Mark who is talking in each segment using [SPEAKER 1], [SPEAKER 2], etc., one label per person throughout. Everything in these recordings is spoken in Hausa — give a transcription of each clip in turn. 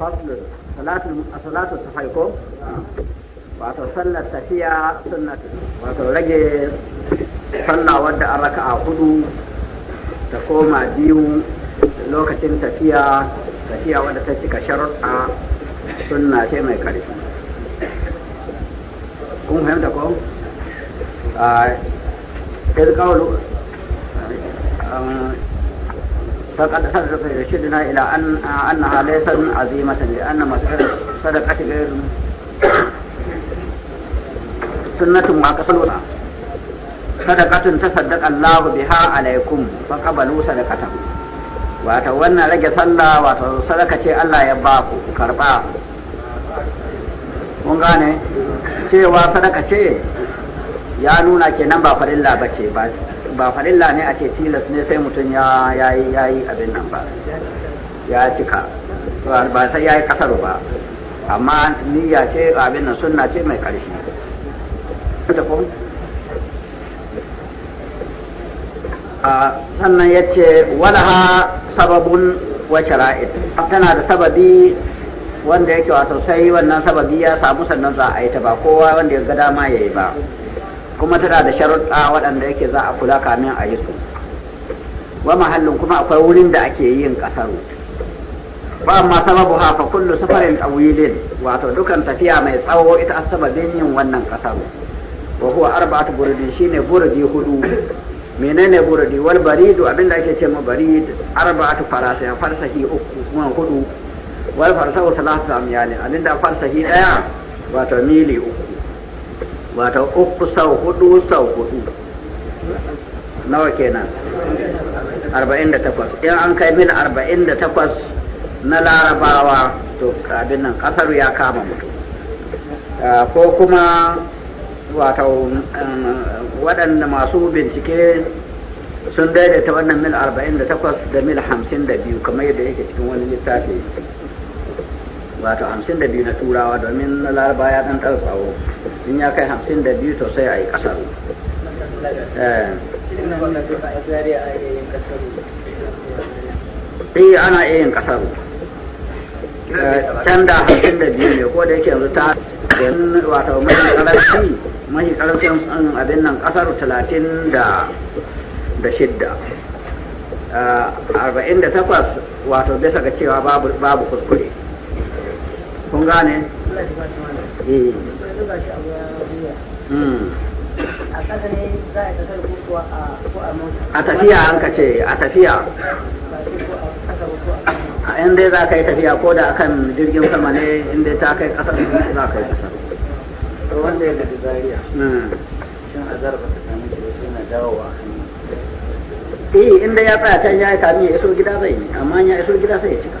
[SPEAKER 1] فصل صلاة صلاة الصحيكم wato sallar tafiya sunna wato rage sallah wadda a raka a hudu ta koma biyu lokacin tafiya tafiya wadda ta cika sharuɗa sunna ce mai ƙarfi kun fahimta ko فقد حدث يرشدنا إلى أن أنها ليست عظيمة لأن مسألة الصدقة غير سنة صدقة تصدق الله بها عليكم فقبلوا صدقته wato wannan rage sallah wato sadaka ce Allah ya ba ku karba gane cewa sadaka ce ya nuna kenan ba farilla bace ba ba farilla ne ake tilas ne sai mutum ya yayi yayi abin nan ba ya cika ba sai yayi kasar ba amma niyya ce abin nan sunna ce mai karfi sannan ya ce walaha sababun wace ra'id tana da sababi wanda yake wato sai wannan sababi ya samu sannan za a yi ta ba kowa wanda ya ga dama ya yi ba kuma tana da sharuɗa waɗanda yake za a kula kamin a yi su wa mahallin kuma akwai wurin da ake yin ƙasaru ba amma sababu hafa kullu safarin tawilin wato dukan tafiya mai tsawo ita asababin yin wannan ƙasaru wa huwa arba'atu burudi shine burudi hudu menene burudi wal baridu abinda ake ce ma barid arba'atu farasa farsahi uku kuma hudu wal farsahu salatu amyalin abinda farsahi daya wato mili uku wata uku sau hudu sau hudu nawa kenan arba'in da takwas in an kai mil arba'in da takwas na larabawa to abin nan kasar ya kama mutum ah, ko kuma wata um, waɗanda masu bincike sun daidaita wannan mil arba'in da takwas da mil hamsin da biyu kamar yadda yake cikin wani littafi wato hamsin da biyu na turawa domin na laraba ya dan ɗan in ya kai hamsin da biyu to sai a yi ƙasar eh. eh ana iya yin ƙasar
[SPEAKER 2] can eh, da hamsin da biyu ne ko
[SPEAKER 1] da yake yanzu ta domin wato mahi ƙararci mahi ƙararcin abin nan ƙasar talatin da shidda eh, arba'in da takwas wato bisa ga cewa babu kuskure kun gane
[SPEAKER 2] hmm. a tafiya an ka ce a tafiya in
[SPEAKER 1] dai za ka yi tafiya ko da akan jirgin sama ne in dai ta kai kasar za ka yi kasar
[SPEAKER 2] wanda ya gaji zariya hmm. shin a zarba ta sami shi sai na dawowa
[SPEAKER 1] eh in dai ya tsaya can ya yi kami ya iso gida zai yi amma ya iso gida sai ya cika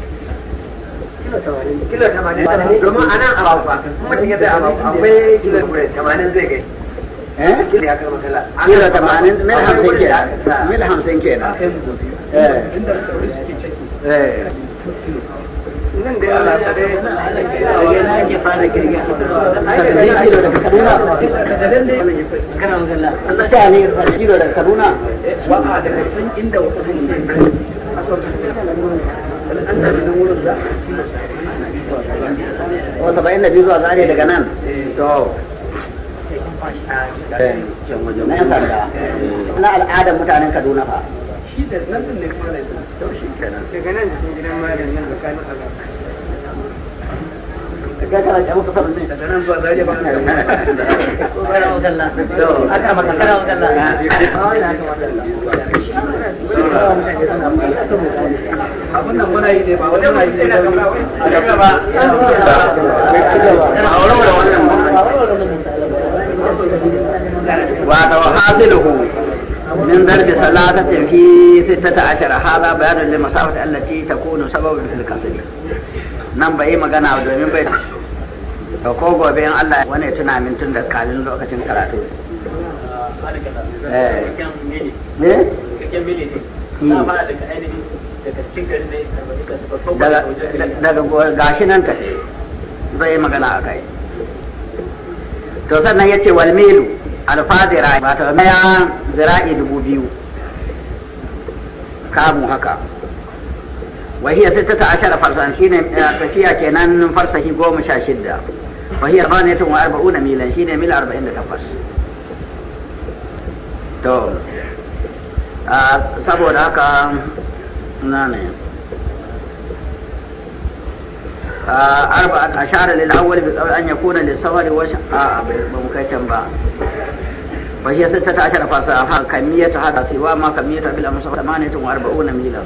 [SPEAKER 2] kilo tamanin domin a nan abakuwa mutum ya zai abakuwa akwai kilo tamanin zai
[SPEAKER 1] gai eh? kilo tamanin mil hamsin ke mil hamsin eh. ke
[SPEAKER 2] eh. na nan da da kilo daga kaduna kana magana Allah ta ne kilo daga kaduna wa'a daga d'a inda wasu ne o saba'in da biyu zuwa zare daga nan to na yan sanda na al'adar mutanen kaduna fa shi da nan ne da shi kenan daga nan gidan malam a مختصر
[SPEAKER 1] من درجة ثلاثة في ستة عشر هذا بيان للمسافة التي تكون سببا في القصيدة nan bai magana domin bai da ko gobe in Allah wani ya tuna min tun da kalin lokacin karatu
[SPEAKER 2] eh hmm. ne daga
[SPEAKER 1] gashi nan ta zai magana a kai to sannan ya ce walmilu alfazira wato maya zira'i dubu biyu kamu haka وهي ستة عشر فرسا شين تفيا آه، كنان هي قوم شاشدة وهي ثمانية وأربعون ميلا شين ميل أربعين تفرس to saboda haka na أربعة أشار للأول بقول أن يكون للسفر وش آه بمكتم با وهي ستة عشر فرسا كمية هذا سوى ما كمية بالأمس ثمانية وأربعون ميلا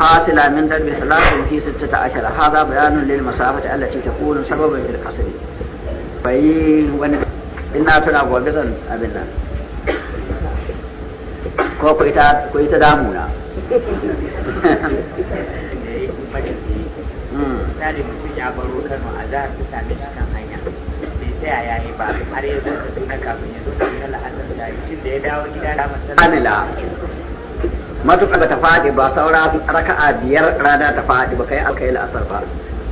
[SPEAKER 1] قاتل من ذنب ثلاث في ستة عشر هذا بيان للمسافة التي تكون سببا في القصر إنا تنا بوجزا أبنا كو كويتا كويتا دامونا
[SPEAKER 2] Hmm.
[SPEAKER 1] matuƙa ba ta faɗi ba saura raka'a biyar rana ta faɗi ba kai alkai asar ba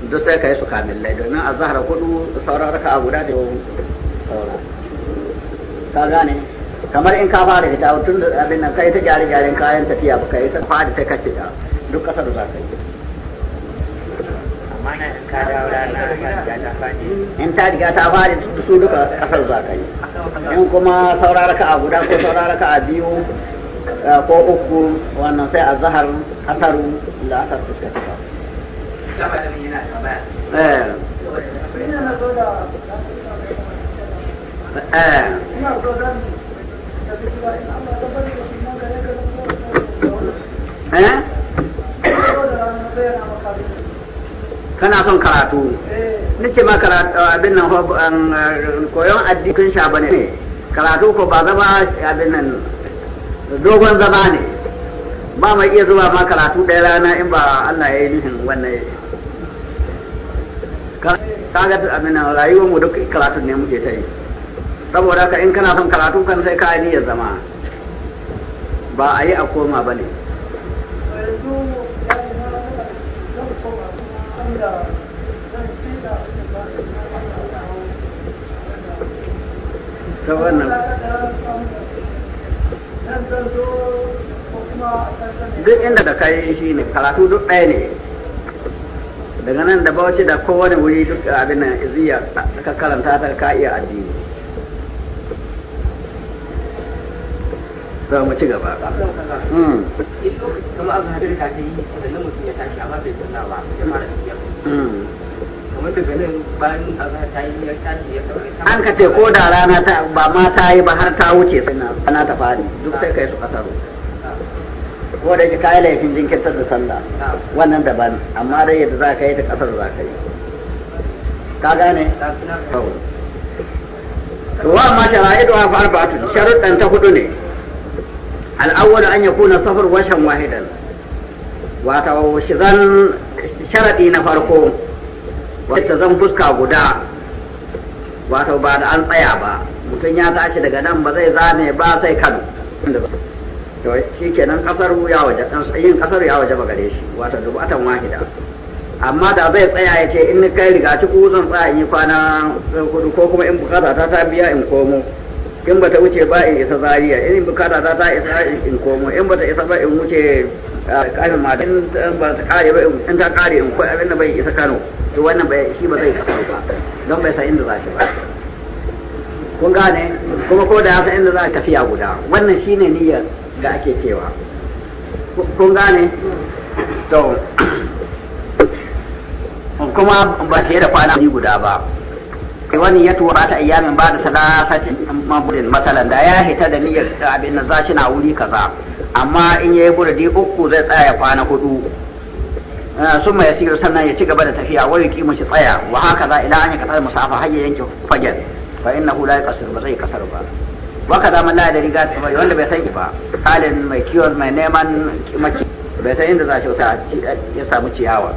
[SPEAKER 1] duk sai kai su lai domin a zahara kudu saura raka'a guda da saura ka gane kamar in ka fara fita tun da abin nan kai ta jari jarin kayan tafiya ba kai ta faɗi ta kashe ta duk ƙasar za ka yi in ta riga ta fara su duka ƙasar za ka yi in kuma saura raka'a guda ko saura raka'a biyu Eh, ko uku wannan sai a zahar asaru da asar suka fita. Eh. Eh. kana son karatu nace ma karatu abin nan koyon addinin sha bane karatu ko ba zama abin nan dogon zama ne ba mai iya zuwa ma karatu ɗaya rana in ba Allah ya yi nufin wannan ka ga abin nan rayuwar mu duk karatun ne muke ta yi saboda ka in kana son karatu kan sai ka niyyar zama ba a yi a koma ba ne ta wannan duk inda da kai shi ne karatu duk ɗaya ne daga nan da bauchi da kowane wuri duk abin nan iziya ka karanta ta ka iya addini za mu ci gaba hmm. Kuma abin hadari ta yi sannan mutum ya tashi amma bai sanna ba ya fara tafiya hmm. an ka ce ko da rana ta ba ma ta yi ba har ta wuce sai na ta fari duk sai kai su kasaro ko da ka yi laifin jinkirtar da sallah wannan daban amma dai yadda za ka yi ta kasar za ka yi ka gane to wa ma shara'idu fa arba'atu sharuɗan ta hudu ne al an an kuna safar washan wahidan Wata shi zan sharaɗi na farko wata zan fuska guda wato ba da an tsaya ba mutum ya tashi daga nan ba zai zame ba sai kano shi kenan kasar ya waje yin kasar ya waje gare shi wato dubatan wahida amma da zai tsaya ya ce in ni kai riga ciku zan tsaya in yi kwana hudu ko kuma in bukata ta ta biya in komo in bata wuce ba in isa zariya in bukata ta ta isa in komo in bata isa ba in wuce kafin eh, ma in ba ta kare ba in ta kare in koyi abin da bai isa kano Eh, wannan bai shi ba zai kafa ba don bai san inda za shi ba kun gane kuma ko da ya san inda za ka tafiya guda wannan shine niyyar da ake cewa kun gane to kuma ba fiye da kwana ni guda ba eh, wani ya tura ta iyamin ba da salasacin mabudin matsalan da ya hita da niyyar abin da za shi na wuri kaza amma in ya yi burdi uku zai tsaya kwana hudu Ah, sun ma yasiru sannan ya ci gaba da tafiya wa yuqimu shi tsaya wa haka za ila an kasar musafa har ya yanke fajar fa innahu la yaqsir ba zai kasar ba wa kaza man la da riga ta bai wanda bai san ba halin mai kiwon mai neman maki bai san inda za shi ba ya samu ciyawa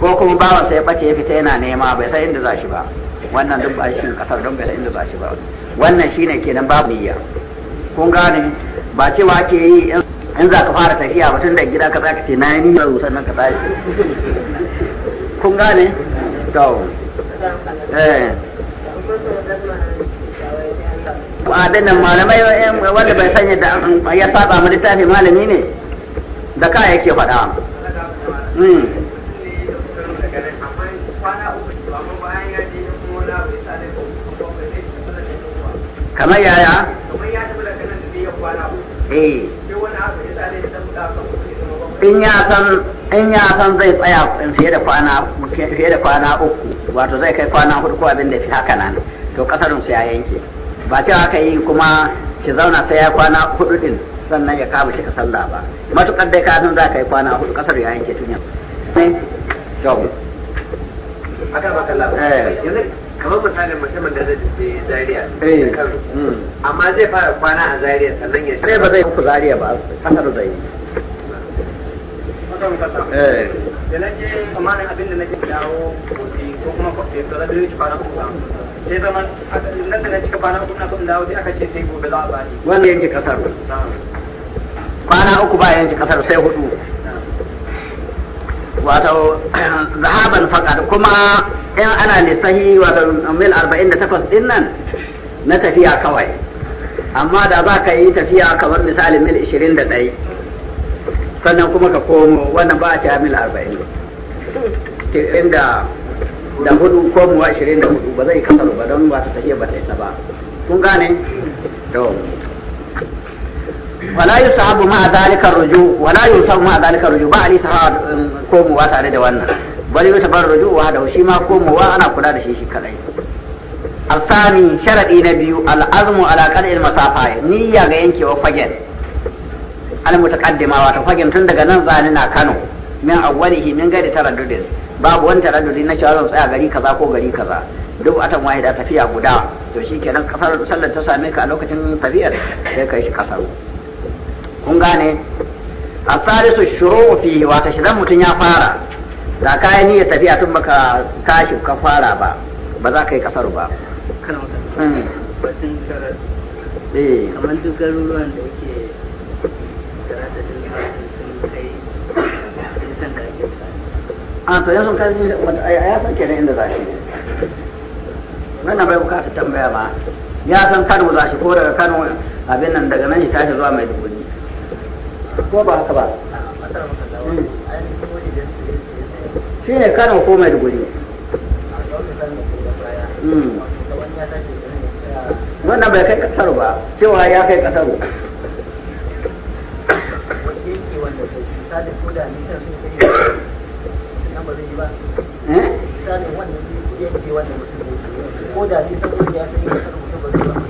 [SPEAKER 1] ko kuma bawan sai bace ya fita yana nema bai san inda za shi ba wannan duk ba shi kasar don bai san inda za shi ba wannan shine kenan babu niyya kun gane ba cewa ake yi in za ka fara tafiya batun da gida ka zaka ce na yi niyyar sannan ka tsaye kun gane to
[SPEAKER 2] eh wadannan malamai wanda bai sanya da ya saba mu littafi malami
[SPEAKER 1] ne da ka yake faɗa hmm. kamar yaya
[SPEAKER 2] kamar ya da kanan da ya kwana uku Eh. in ya
[SPEAKER 1] san in ya san zai tsaya fiye da kwana fiye da kwana uku wato zai kai kwana hudu ko abin da fi haka nan to kasarun su ya yanke ba cewa aka yi kuma ki zauna sai ya kwana hudu din sannan ya kama shi ka sallah ba matukar dai kafin za ka yi kwana hudu kasar ya yanke tun yau. Eh. kamar misalin mutumin da zai je Zaria eh. da Kano hmm. amma zai fara kwana a Zaria sannan ya sai eh, ba zai ku Zaria ba kasar zai
[SPEAKER 2] eh. da na tsammanin abin da na ke dawo ko kuma kwafi to na ci kwana uku sai zama nan da na cika kwana uku na dawo sai
[SPEAKER 1] aka ce sai gobe za a bani kasar kwana uku ba yanke kasar sai hudu wato zahaban faqad kuma in ana lissahi wato mil arba'in 48 din nan na tafiya kawai amma da za ka yi tafiya kamar misali mil ishirin da 21 sannan kuma ka komo wannan ba a cewa mil 40 inda da hudu da 24 ba zai kasaru ba don ba tafiya ba ta isa ba kun gane to wala yi sahabu ma a dalikan ruju wala yi sahabu a ba a yi um, komowa tare da wannan bari yi sahabu ruju da hushi ma komowa ana kula da shi shi kadai alsani sharaɗi na biyu al'azmu alaƙar ilma safa ya ga yankewa wa fagen almuta kaddima wata fagen tun daga nan zane na kano min awwali hi min gari taraddudin babu wani taraddudi na cewa zan gari kaza ko gari kaza duk a tamwa tafiya guda to kenan kasar sallan ta same ka a lokacin tafiyar sai kai shi kasaru kun gane su shuru fi wata zan mutum ya fara da kayan niyyar tafiya tun baka tashi ka fara ba ba za ka yi kasar ba hmm. eh. kamar duk garuruwan da yake a to yanzu ka ya san inda za shi wannan bai tambaya ba ya san Kano za shi ko daga Kano abin nan daga nan shi tashi zuwa ko ba haka ba hmm. shi ne karin komai da guri
[SPEAKER 2] hmm. wannan bai kai kasaru ba
[SPEAKER 1] cewa ya kai kasaru eh?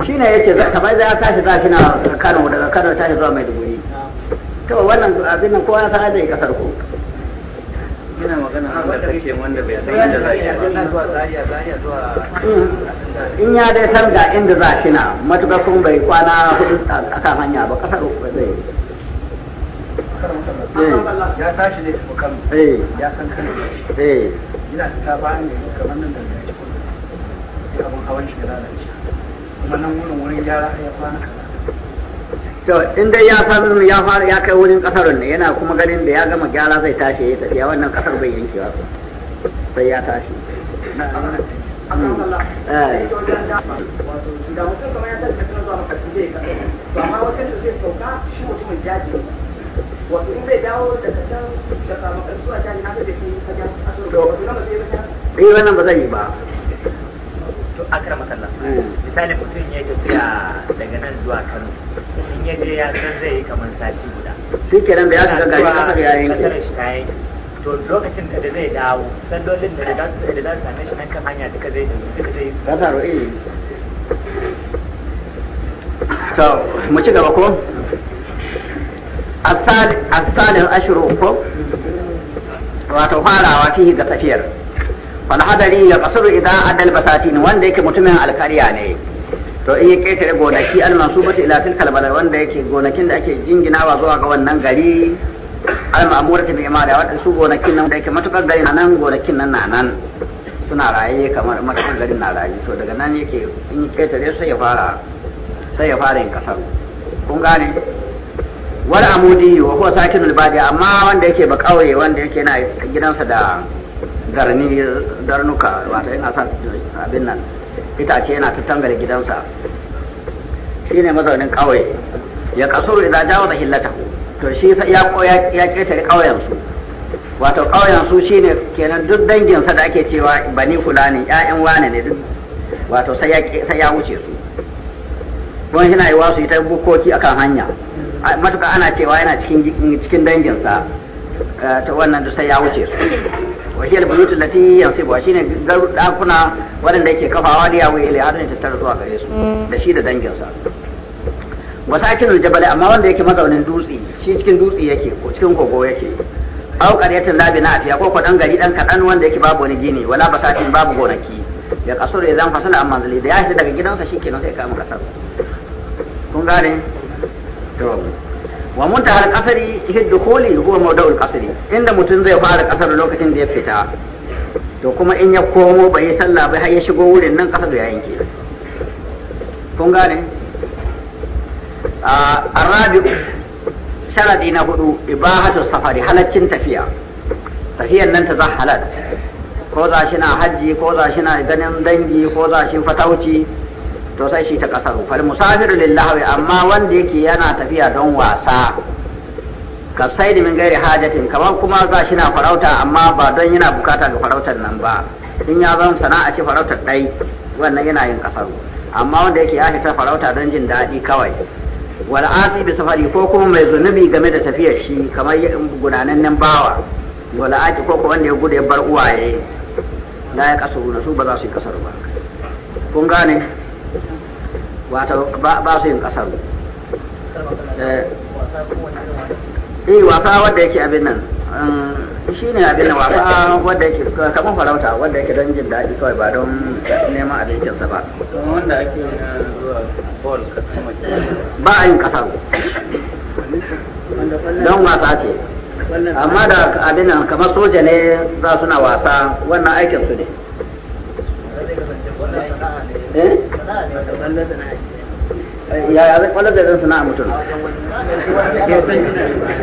[SPEAKER 1] shi ne yake kamar za a tashi zafi na kano daga kano tashi zuwa mai duguri to wannan abin nan kowa san da kasar ku
[SPEAKER 2] Ina magana wanda kake wanda bai san inda za shi mm. in ya dai san ga inda za shi na matuƙar
[SPEAKER 1] kun bai kwana hudu a kan hanya ba kasar ba zai eh.
[SPEAKER 2] ya tashi ne su kan eh. ya san kan yana eh. fita ba ne kamar nan da ya ci kudu sai abin hawan shi ya lalace kuma nan wurin wurin gyara ya kwana
[SPEAKER 1] to in dai ya san ya fara ya kai wurin kasar ne yana kuma ganin da ya gama gyara zai tashi ya tafiya wannan kasar bai ba sai ya tashi wato in zai dawo daga can daga a jami'a da ke yi wannan ba zai yi ba to akar masallah eh. misali mutum ya tafiya daga nan zuwa kano in ya je ya san zai yi kamar sati guda
[SPEAKER 2] shi kenan da ya shiga gari kasar ya yanke
[SPEAKER 1] to lokacin da zai dawo dole da da su da za su same shi nan kan hanya duka zai duka zai yi. eh to mu ci gaba ko a asali ashuru ko wato farawa fihi da tafiyar falhadari ya kasuru idan adal basatin wanda yake mutumin alkariya ne to in ya ketare gonaki almansubatu ila tilkal balad wanda yake gonakin da ake jinginawa zuwa ga wannan gari al ta bi imada wadan su gonakin nan da yake matukar gari nan gonakin nan na nan suna raye kamar matukar gari na raye to daga nan yake in ya ketare sai ya fara sai ya fara yin kasar kun gane wal amudi wa huwa sakinul badi amma wanda yake ba kauye wanda yake yana gidansa da garni darnuka wata yana sa abin nan itace yana tattangare gidansa shi ne mazaunin ƙauye ya kaso idan jawo da hillata to shi ya ya ƙetare ƙauyensu wato ƙauyensu shi ne kenan duk danginsa da ake cewa bani ne ƴaƴan wane ne duk wato sai ya wuce su don yana yi wasu ita bukoki akan hanya matuka ana cewa yana cikin danginsa Eh, ta wannan da sai ya wuce su wa hiya al-buyut allati yansibu ne dakuna waɗanda yake kafawa da yawo har ne tattara zuwa gare su mm. da shi da dangin sa wa sakinul jabal amma wanda yake mazaunin dutse shi cikin dutse yake ko cikin gogo yake aw qaryatin la bina fiya ko ko gari dan kadan wanda yake babu wani gini wala basatin babu gonaki ya kasur ya zan fasala amma zali da ya shi daga gidansa shikenan sai ka mu kasar kun gane to wa munta al-qasri fi dukhuli huwa mawda'u al-qasri inda mutum zai fara kasar lokacin da ya fita to kuma in ya komo bai yi sallah bai har ya shigo wurin nan kasar ya yanke kun gane arabi sharadi na hudu ibahatu safari halaccin tafiya tafiyan nan ta za halal ko za shi na hajji ko za shi na ganin dangi ko za shi fatauci to sai shi ta kasaru fal musafir lillahi amma wanda yake yana tafiya don wasa ka sai da min gairi hajatin kamar kuma za shi na farauta amma ba don yana bukata ga farautar nan ba in ya zama sana'a ce farautar dai wannan yana yin kasaru amma wanda yake ya ta farauta don jin daɗi kawai wal asi bi safari ko kuma mai zunubi game da tafiyar shi kamar nan bawa wal aki ko kuma wanda ya gudu ya bar uwaye la ya kasaru na su ba za su yi kasaru ba kun gane wato ba su yin kasar eh, eh wasa wanda yake abin nan um, shi ne abin nan wasa wanda yake kamar farauta wanda yake don jin daɗi kawai ba don neman abincinsa ba
[SPEAKER 2] wanda ake zuwa ba a yin kasar don wasa ce
[SPEAKER 1] amma da abin nan kamar soja ne za suna wasa wannan aikinsu ne Eh? ya zai sana'a mutum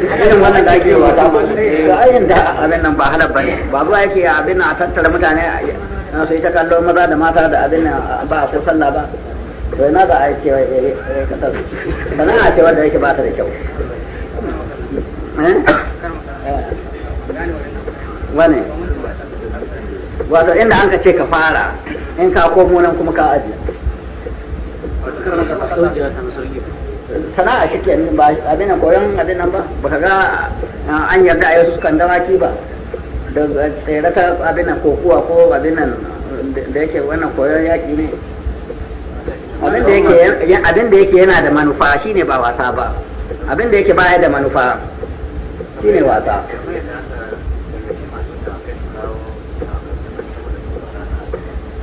[SPEAKER 2] irin wannan da ake yi ga
[SPEAKER 1] ayin da abin nan ba halar bane ba zuwa yake abin a tattara mutane na su maza da mata da abin ba a ko ba to yana da ake kasar sana'a ce wanda yake ba ta da kyau eh? Eh. wane wato inda an ka ce ka fara in ka komo nan kuma ka ajiye sana'a shi ke ba abin nan koyon abin nan ba ba ka ga ah, an yarda a yi kan dawaki ba da tsere ta abin nan kokuwa ko abin nan da yake wannan koyon yaki ne abin da yake abin da yake yana da manufa shine ba wasa ba abin da yake baya da manufa shine wasa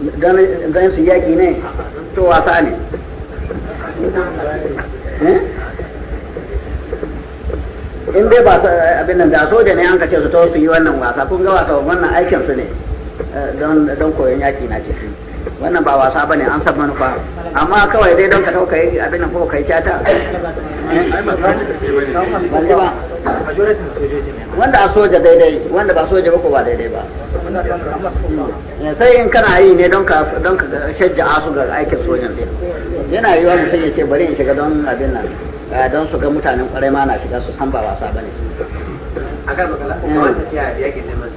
[SPEAKER 1] don su yaƙi ne to wasa ne eh? in dai ba abin nan da soja ne an ka ce su to su yi wannan wasa kun ga wasa wannan aikin su ne eh, don koyon yaƙi na ciki wannan ba wasa bane an san manufa amma kawai dai don ka dauka yi abin nan ko kai tata eh, wanda a soja daidai wanda ba soja ba ko ba daidai ba eh, sai in kana yi ne don ka don ka shajja asu ga aikin sojan din yana yiwa mutum ya ce bari in shiga don abin nan eh, don su ga mutanen kwarai ma na shiga su san ba wasa bane
[SPEAKER 2] a ya yake neman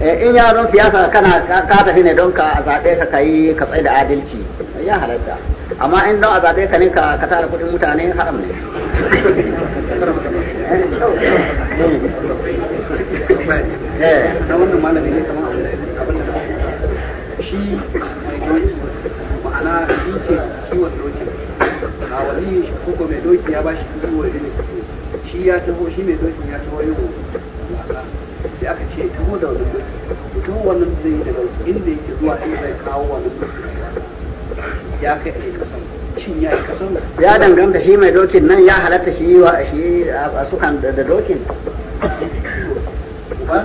[SPEAKER 1] Eh, in ya zo siyasa kana ka tafi ne don ka zaɓe ka kayi ka tsaye da adalci ya halatta amma in don a zaɓe ka ne ka ka tara kuɗin mutane haram ne eh.
[SPEAKER 2] Eh. sai aka ce da wani duk wannan zai yi daga inda yake zuwa inda zai kawo wannan ya kai a kasan danganta shi
[SPEAKER 1] mai dokin nan ya halatta shi wa shi a sukan da dokin da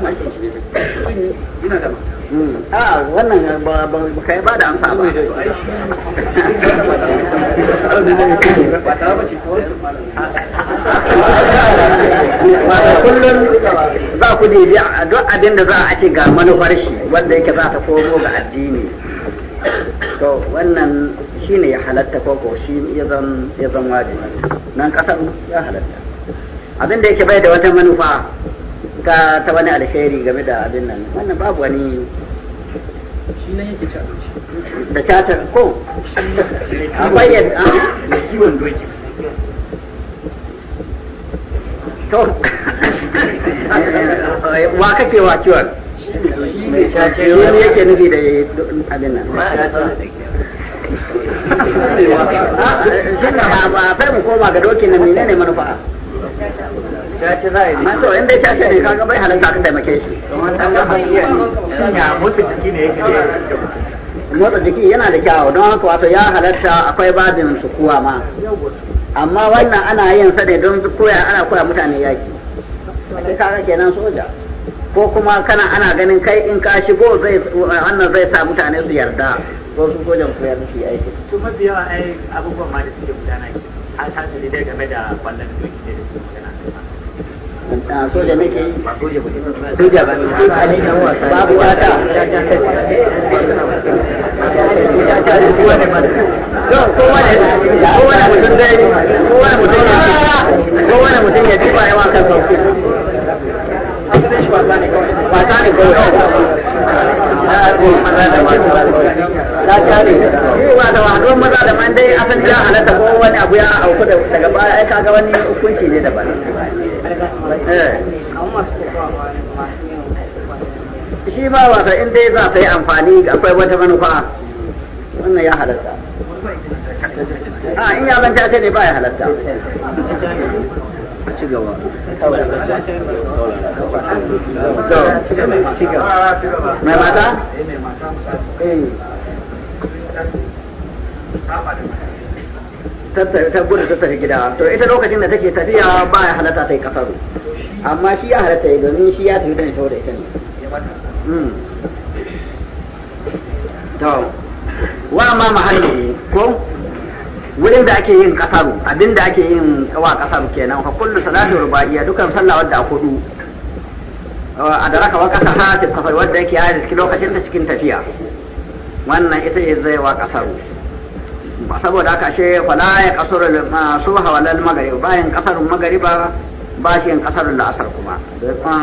[SPEAKER 1] hmm. a wannan ba kai ba da amsa ba ba ta ba ce ta wancan malam
[SPEAKER 2] wato kullum
[SPEAKER 1] za ku a duk abin da za a ce ga manufar shi wanda yake za ta komo ga addini to wannan shi ne ya halatta ko ko shi ya zan wajen nan kasar ya halatta abin da yake bai da wata manufa ta ta wani alheri game da abin nan wannan babu wani shi yake da catar ko a bayyana a kiwon doki to
[SPEAKER 2] wa kake wa kiwon
[SPEAKER 1] ne yake nufi da abin nan
[SPEAKER 2] Shin ba
[SPEAKER 1] fai mu koma ga dokin nan ne manufa?
[SPEAKER 2] shaci za yi to in dai shaci ne kaga bai halatta ka taimake shi
[SPEAKER 1] motsa jiki yana da kyawu don haka wato ya halatta akwai babin sukuwa ma amma wannan ana yin sa ne don koya ana koya mutane yaki sai kaga kenan soja ko kuma kana ana ganin kai in ka shigo zai wannan zai sa mutane su yarda ko su sojan koyar su yi aiki to mafi yawa ai abubuwan ma da suke gudana a tasiri game da kwallon doki ne da suke soja nake yi soja ba babu wata
[SPEAKER 2] kowane mutum ya ji ba yawa kan sauki wata ne kawai ta maza da man dai ya halatta ko wani abu ya auku
[SPEAKER 1] baya ai kaga ne daban shi ba wasa in dai za ta yi amfani akwai wata manufa wannan ya halatta
[SPEAKER 2] a ah, in ya zanta ne ba ya halatta ci gaba ci gaba mai mata
[SPEAKER 1] ta gudu ta tafi gida to ita lokacin da take tafiya ba ya halatta ta yi amma shi ya halatta ya domin shi ya tafi ita da ita eh, mm. ne to wa ma mahalli ko wurin da ake yin kasaru abin da ake yin wa kasaru kenan fa kullu salatu rubaiya dukan sallah wadda a hudu a da wa kasa ta safar wadda yake a cikin lokacin ta cikin tafiya wannan ita ce zai wa kasaru saboda haka she fala ya kasuru ah, suha walal magrib bayan kasaru magriba ba shi yin da asar kuma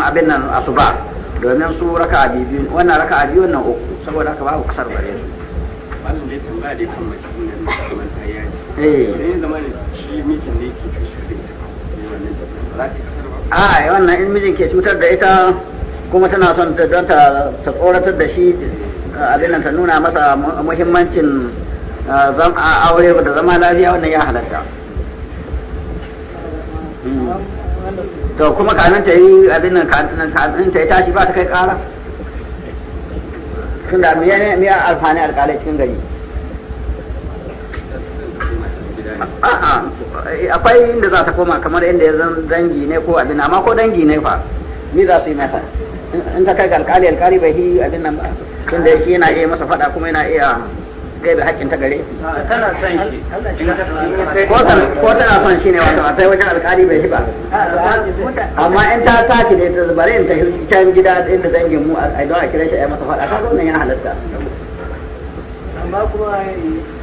[SPEAKER 1] abin nan asuba domin su raka biyu wannan raka biyu wannan uku saboda haka babu kasar bare su
[SPEAKER 2] wannan ne tambaya da kan mutum ne Eh.
[SPEAKER 1] a wannan in mijin ke cutar da ita kuma tana son ta don ta tsoratar da shi abin ta nuna masa muhimmancin ah, ah, aure da zama lafiya wannan ya halatta hmm. to kuma kanin ta yi abin nan kanin ta yi tashi ba ta kai kara tunda miya alfani alkalai cikin gari a'a akwai inda za ta koma kamar inda ya zan dangi ne ko abin amma ko dangi ne fa ni za su yi masa in ka kai ga alkali alkali bai yi abin nan ba tunda shi yana iya masa fada kuma yana iya kai da hakkin ta gare
[SPEAKER 2] tana son shi ko tana son
[SPEAKER 1] shi ne wato a sai wajen alkali bai shi ba amma in ta sake ne ta bari in ta can gida inda dangin mu a don a kira shi a yi masa fada ka zo nan ya halatta
[SPEAKER 2] amma kuma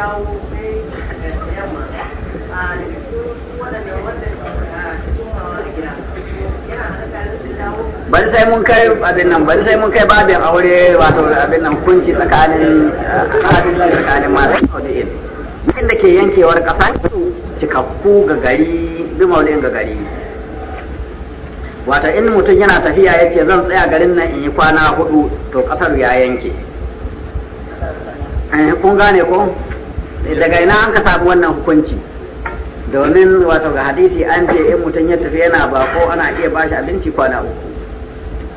[SPEAKER 2] dawo sai yamma ah, a ban sai mun kai abin nan ban sai mun kai babin
[SPEAKER 1] aure wato abin nan kunci tsakanin adalci tsakanin masu saudi'in mutum da ke yankewar ƙasa cikakku ga gari dumaulin ga gari wata in mutum yana tafiya ya ce zan tsaya garin nan in yi kwana hudu to ƙasar ya yanke eh, kun gane ko daga ina an ka samu wannan hukunci domin wato ga hadisi an ce in mutum ya tafi yana ba ko ana iya ba shi abinci kwana uku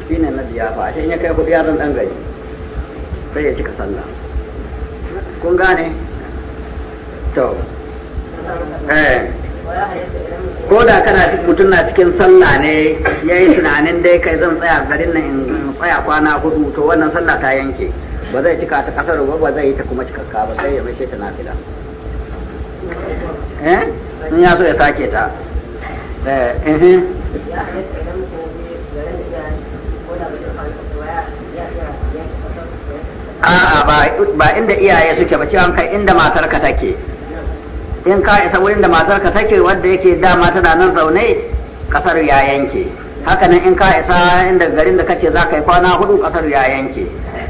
[SPEAKER 1] shi ne na ziyafa ashe in ya kai kuɗi yaron ɗan gari sai ya cika sallah kun gane to eh ko da kana mutum na cikin sallah ne ya yi tunanin dai kai zan tsaya garin nan in tsaya kwana hudu to wannan sallah ta yanke ba zai cika ta kasar ba ba zai yi ta kuma cikakka ba sai ya mai ta nafila
[SPEAKER 2] eh in ya so ya sake
[SPEAKER 1] ta eh eh a'a ba ba inda iyaye suke ba cewa kai inda matar ka take in ka isa wurin da matar ka take wanda yake dama tana nan zaune kasar ya yanke hakanan in ka isa inda garin da kace za ka yi kwana hudu kasar ya yanke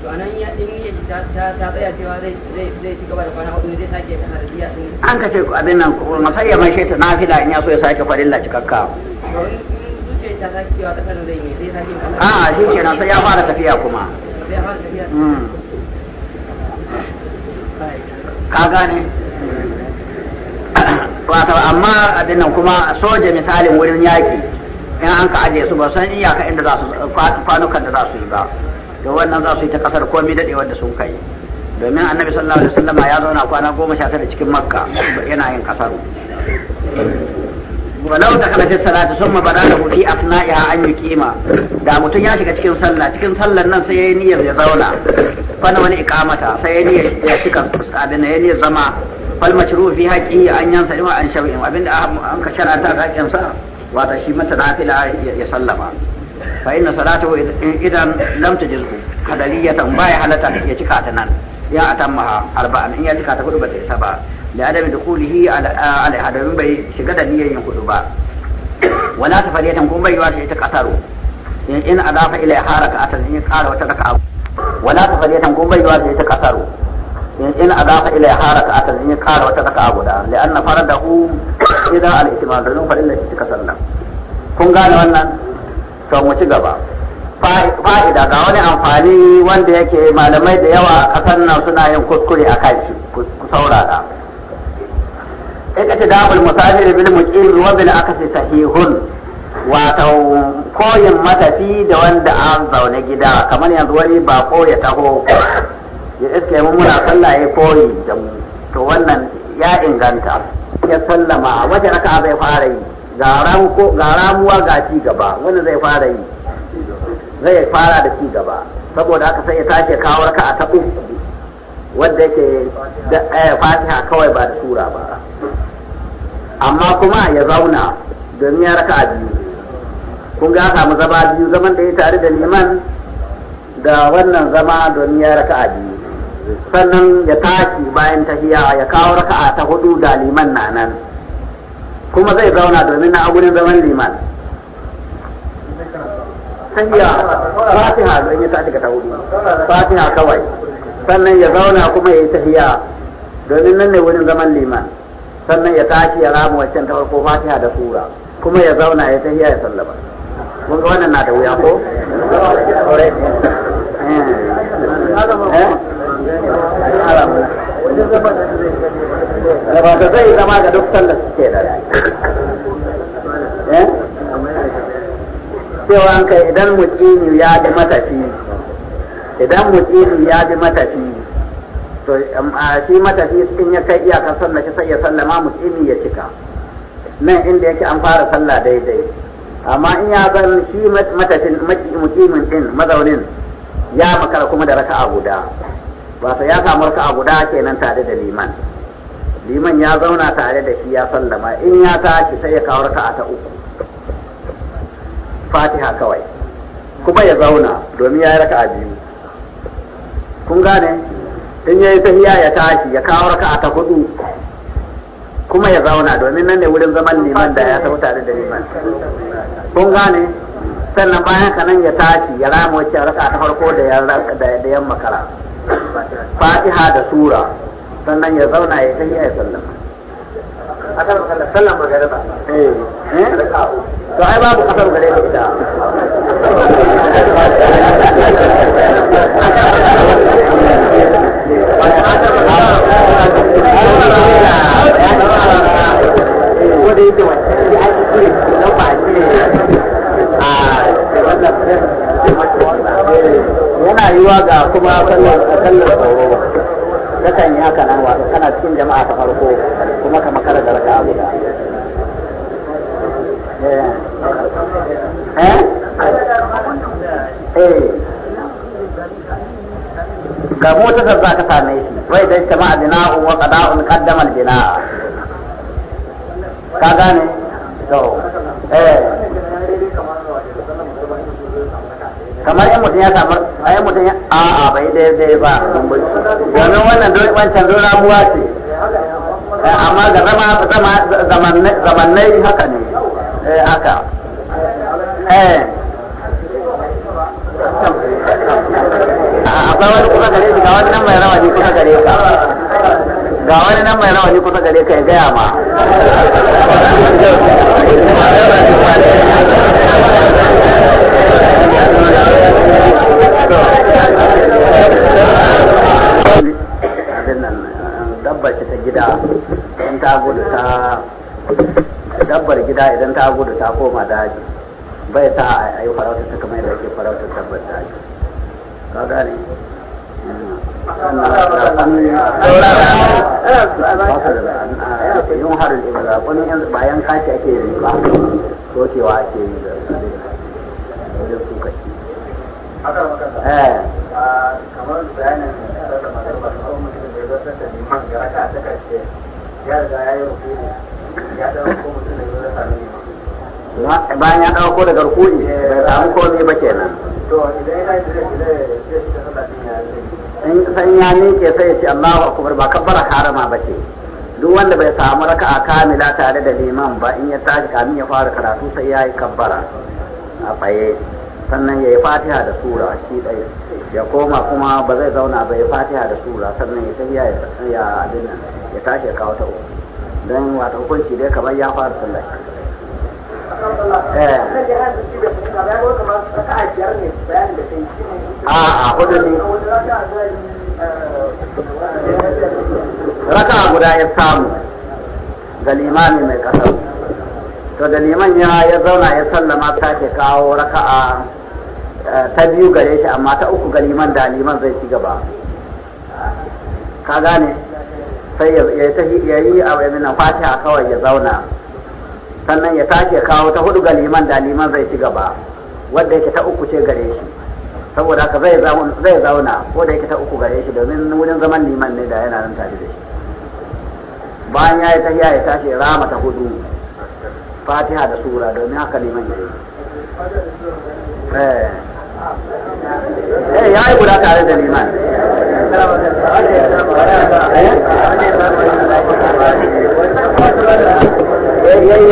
[SPEAKER 1] to anan ya ta tsaya cewa zai
[SPEAKER 2] zai ci gaba da kwana hudu zai sake ta harbiya an ka ce abin nan ko mai ya mai ta
[SPEAKER 1] nafila in ya so ya sake farilla cikakka
[SPEAKER 2] a shi ke nan sai ya fara tafiya kuma hmm.
[SPEAKER 1] ka gane wato amma abin nan kuma soja misalin wurin yaƙi in an ka aje su ba san iyaka inda za su kwanukan da za su yi ba to wannan za su yi ta kasar komai daɗe wanda sun kai domin annabi sallallahu alaihi wasallam ya zauna kwana goma sha tara cikin makka yana yin kasaru walau da cikin salatu sun mabara da fi asna'iha an yi kima da mutum ya shiga cikin sallah cikin sallar nan sai ya yi niyyar ya zauna fana wani ikamata sai ya niyyar ya shiga abin ya niyyar zama fal mashru fi haqi an yansa wa an shawin abinda an ka ta ga sa wato shi mata nafila ya sallama fa inna salatahu idan lam tajizhu hadaliyatan baya halata ya cika ta nan ya atammaha arba'an in ya cika ta hudu ba ta isa ba da adami dukulihi ala hadarin bai shiga da niyyar yin ba wala safariyatan kuma bai yiwa ta ita kasaro in adafa ila haraka atan in kara wata raka'a wala safariyatan kuma bai yiwa ta ita kasaro in adafa ila haraka atan in kara wata raka'a guda li'anna faradahu idan al-itmam da nun farilla shi kasar nan kun gane wannan to mu ci gaba fa'ida ga wani amfani wanda yake malamai da yawa a kasar nan suna yin kuskure a kan shi ku saurara iqtida'ul musafir bil muqim wa bil akasi sahihun wato koyin matafi da wanda an zaune gida kamar yanzu wani bako ya taho ya iske mu muna sallah ya koyi da mu to wannan ya inganta ya sallama wajen aka bai fara yi ga ramuwa ga ci gaba wanda zai fara yi zai fara da ci gaba saboda aka sai ya tashi kawo raka a taɓin wanda yake eh, fatiha kawai ba da tura ba amma kuma ya zauna domin ya raka a biyu kun ga samu zama biyu zaman da ya tare da liman da wannan zama domin ya raka a biyu sannan ya tashi bayan tahiya ya kawo raka a ta hudu da liman na nan kuma zai zauna domin na agurin zaman liman hanya fatiha don ya tashi ga fatiha kawai sannan ya zauna kuma ya yi tafiya domin nan ne wurin zaman liman sannan ya tashi ya ramu wancan ta farko fatiha da sura kuma ya zauna ya tafiya ya sallama kun ga wannan na da wuya ko eh, eh? da ba ta zai zama ga duk sallar suke ke da eh? cewa an kai idan mutini ya bi matafi idan mutini ya bi matafi to um, a shi matafi in ya kai iyakar sallar shi sai ya sallama mutini ya cika nan inda yake an fara sallah daidai amma in ya zan shi matafin mutumin din mazaunin ya makara kuma da raka'a guda wato ya samu raka'a guda kenan tare da liman liman ya zauna tare da shi ya sallama in ya tashi sai ya kawo raka'a ta uku fatiha kawai kuma ya zauna domin ya yi raka'a biyu kun gane in ya yi tahiya ya tashi ya kawo raka'a ta hudu kuma ya zauna domin nan ne wurin zaman liman da ya tafi tare da liman kun gane sannan bayan kanan ya tashi ya rama wacce raka'a ta farko da yamma makara fatiha da sura sannan ya zauna ya kai ya sallama akan sallan magariba
[SPEAKER 2] eh, eh? to ai babu kasar gare ga
[SPEAKER 1] kuma sallar sallar kan yi haka nan wato kana cikin jama'a ta farko kuma ka makara da raka'a guda
[SPEAKER 2] eh. Eh? Eh.
[SPEAKER 1] ga motar da za ka same shi wai da jama'a bina'u wa qada'un qaddama al-bina'a ka gane to eh kamar yin mutum ya samu a'a bai daidai ba domin wannan don wancan don ramuwa ce eh, amma ga zama zamannai haka ne eh, haka eh. akwai wani kusa gare shi wani nan mai rawani kusa gare ka ga wani nan mai rawani kusa gare ka ya gaya ma dabbar ta gida in ta gudu ta dabbar gida idan ta gudu ta koma daji bai sa a yi farautar ta kamar yadda ake farautar dabbar daji
[SPEAKER 2] ka
[SPEAKER 1] gane yin harin ibada wani yanzu bayan kaci ake yi ba sokewa ake yi da wajen sukaci eh bayan ya dauko daga ruku'i eh, samu komai ba kenan to in san ya miƙe sai ya ce Allahu akbar ba kabbara harama ba ce duk wanda bai samu raka a kamila tare da liman ba in ya tashi kamin ya fara karatu sai ya yi kabbara a faye sannan ya yi fatiha da sura shi ɗaya ya koma kuma ba zai zauna ba ya fatiha da sura sannan ya tafiya ya abin ya tashi ya kawo ta don wata hukunci dai kamar ya fara sallah
[SPEAKER 2] a'a hudu
[SPEAKER 1] guda ya samu ga limami mai to da liman ya zauna ya sallama ke kawo raka'a eh, ta biyu gare shi amma ta uku ga liman da liman zai ci gaba ka gane sai ya yi a wani fatiha kawai ya zauna sannan ya sake kawo ta hudu ga liman da liman zai ci gaba wanda yake ta uku ce gare shi saboda haka zai zai zauna ko da yake ta uku gare shi domin wurin zaman liman ne da yana nan tare da shi bayan ya yi tahiya ya tashi rama ta hudu fatiha da sura domin haka liman ya yi
[SPEAKER 2] eh, eh ya yi guda tare da liman you. Eh. Gabar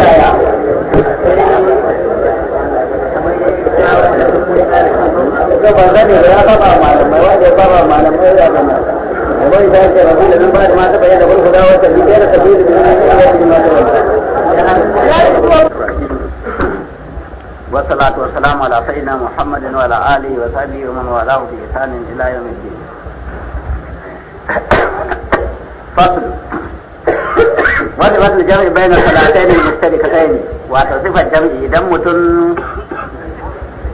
[SPEAKER 2] ya taɓa malamai, wanda ya taɓa malamai ya zama. Abin da ya ce ba da nan ba da mata bayyana wani guda wata bi ɗaya da sabi da nan ya yi wani mata
[SPEAKER 1] والصلاة والسلام على سيدنا محمد وعلى آله وصحبه ومن والاه بإحسان إلى يوم الدين. فصل bai na وصفة الجمع بين ne, wato sifar الجمع idan mutum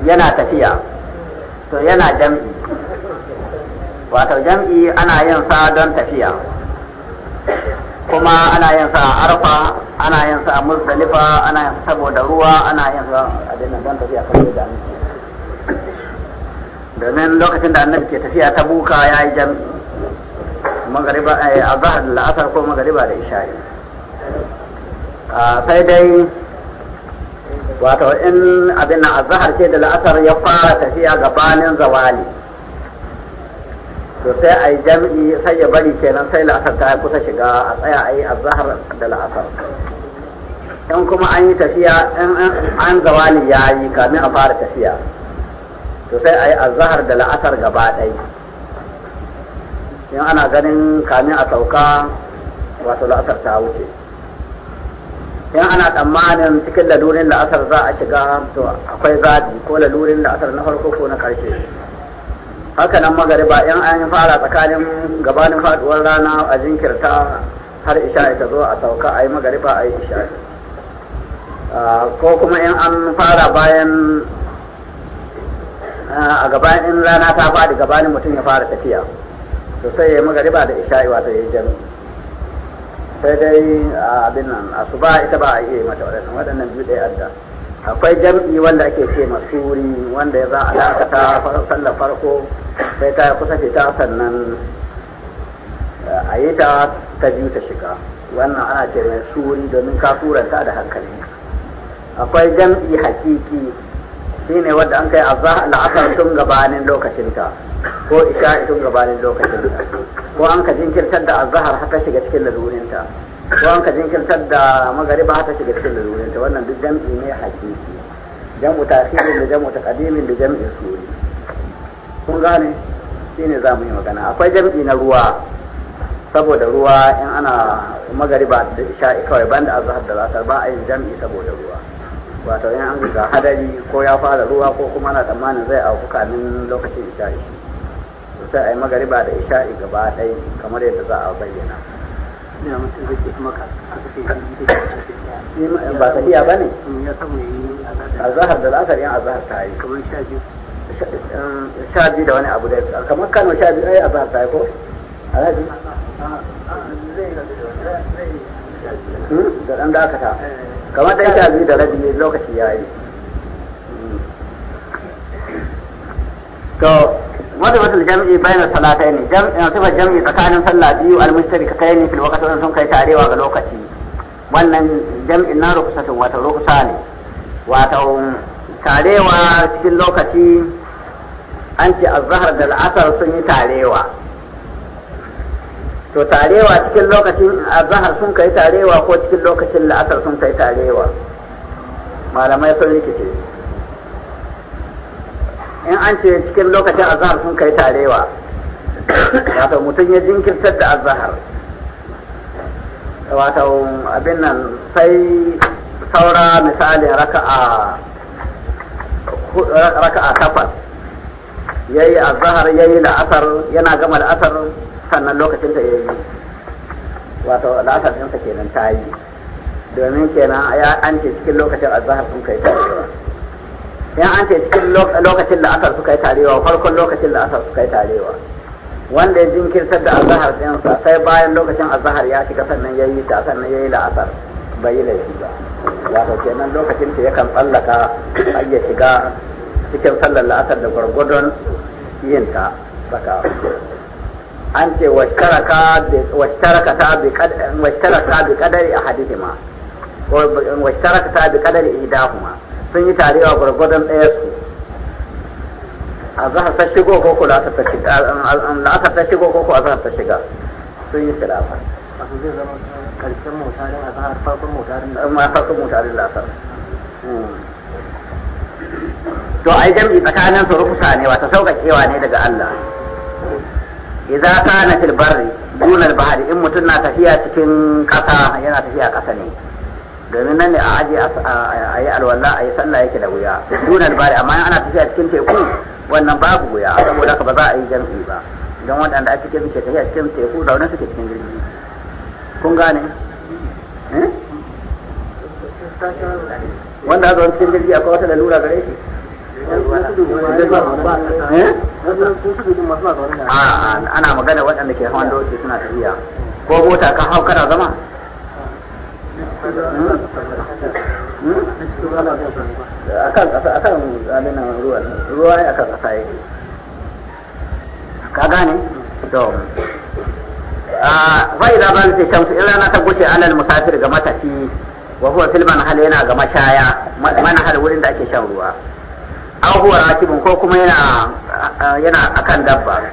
[SPEAKER 1] yana tafiya to yana جمع wato jam'i ana yin sa don tafiya kuma ana yin sa arfa ana yin sa musdalifa ana yin saboda ruwa ana yin sa adinin don tafiya kan da domin lokacin da annabi ke tafiya ta buka ya yi jam'i magariba eh, a zahar la'asar ko magariba da isha'i Ah, sai dai wato in abin na azahar ce da la'asar ya fara tafiya gabanin zawali to sai a yi jam'i sai ya bari kenan sai la'asar ta kusa shiga a tsaya a yi azahar da la'asar in kuma an yi tafiya in an zawali ya yi kamin a fara tafiya to sai a yi azahar da la'asar gaba ɗai in ana ganin kamin a sauka wato la'asar ta wuce in ana tsammanin cikin lalurin la'asar za a shiga to akwai zaɗi ko lalurin la'asar na farko ko na ƙarshe haka nan magariba in an fara tsakanin gabanin faduwar rana a jinkirta har isha ta zo a sauka a yi magariba a yi isha ah, ko kuma in an fara bayan ah, a gabanin rana ta faɗi gabanin mutum ya fara tafiya to sai ya yi magariba da isha'i wata ya yi jami'i sai dai abin nan a ba ita ba a yi mata waɗannan waɗannan biyu ɗaya adda akwai jam'i wanda ake ce masuri wanda ya za a dakata sallar farko sai ta kusa fita sannan eh, a yi ta ta biyu ta shiga wannan ana ce mai suri domin ka suranta da hankali akwai jam'i hakiki shine wanda an kai a a la'asar tun gabanin lokacinta ko isha'i tun gabanin lokacin ko an ka jinkirtar da azhar haka shiga cikin lalurinta ko an ka jinkirtar da magariba haka shiga cikin lalurinta wannan duk jam'i ne hakiki jam'u tasirin da jam'u taqdimin da jam'i suri kun gane shine za mu yi magana akwai jam'i na ruwa saboda ruwa in ana magariba da isha'i kawai banda azhar da lasar ba a yin jam'i saboda ruwa wato in an ga hadari ko ya fara ruwa ko kuma ana tsammanin zai auku kamin lokacin isha'i sai a yi magariba da isha'i gaba ɗaya kamar yadda za a bayyana mm, a zahar a eh, sha biyu da wani biyu ko ah, ah, ah, lokaci ya yi hmm. wata wata jam'i bayan salatai ne jam'i sifar jam'i tsakanin sallah biyu almustari ka kai ne fil wakati sun kai tarewa ga lokaci wannan jam'in na rukusatun wata rukusa ne wato tarewa cikin lokaci an ce azhar da al'asar sun yi tarewa to tarewa cikin lokacin azhar sun kai tarewa ko cikin lokacin la'asar sun kai tarewa malamai sun rikice in an ce cikin lokacin azahar sun kai tarewa wato mutum ya jinkirtar da azahar wato abin nan sai saura misali raka a kafar ya yi azahar ya yi la'asar yana gama la'asar sannan lokacin ta ya yi wato la'asar ɗinsa kenan ta yi domin kenan an ce cikin lokacin azahar sun kai tarewa in an ce cikin lokacin da asar suka yi tarewa farkon lokacin da asar suka yi tarewa wanda ya jinkirtar da azahar ɗinsa sai bayan lokacin azahar ya shiga sannan ya yi ta sannan ya yi da asar bai yi laifi ba wato kenan lokacin da yakan tsallaka har ya shiga cikin sallar la'asar da gwargwadon yin ta saka an ce washtaraka ta bi kadari a hadihima washtaraka ta bi kadari idahuma sun yi tare a gwargwadon ɗaya su a zahar ta shigo ko ku la'asar ta shiga la'asar ta shigo ko a zahar ta shiga sun yi khilafa a zahar farkon la'asar hmm. to ai jam'i tsakanin su rufusa ne wata sauƙaƙewa ne daga Allah idza kana fil barri dunal bahri in mutum na tafiya cikin ƙasa yana tafiya ƙasa ne domin nan ne a aje a yi alwala a yi sallah yake da wuya dunar bari amma ana tafiya cikin teku wannan babu wuya saboda ka ba za a yi jam'i ba don waɗanda a cikin suke tafiya cikin teku raunin suke cikin jirgi kun gane eh? wanda aka cikin jirgi akwai wata lalura gare shi eh? ana magana waɗanda ke hawan doki suna tafiya ko mota ka hau kana zama hmm? Hmm? akan kasa akan ruwa ne akan yake ka gane to ban in rana ta guce alal musafir ga matafi wa huwa fil manhal yana ga mashaya manhal wurin da ake shan ruwa aw huwa rakibun ko kuma yana yana akan dabba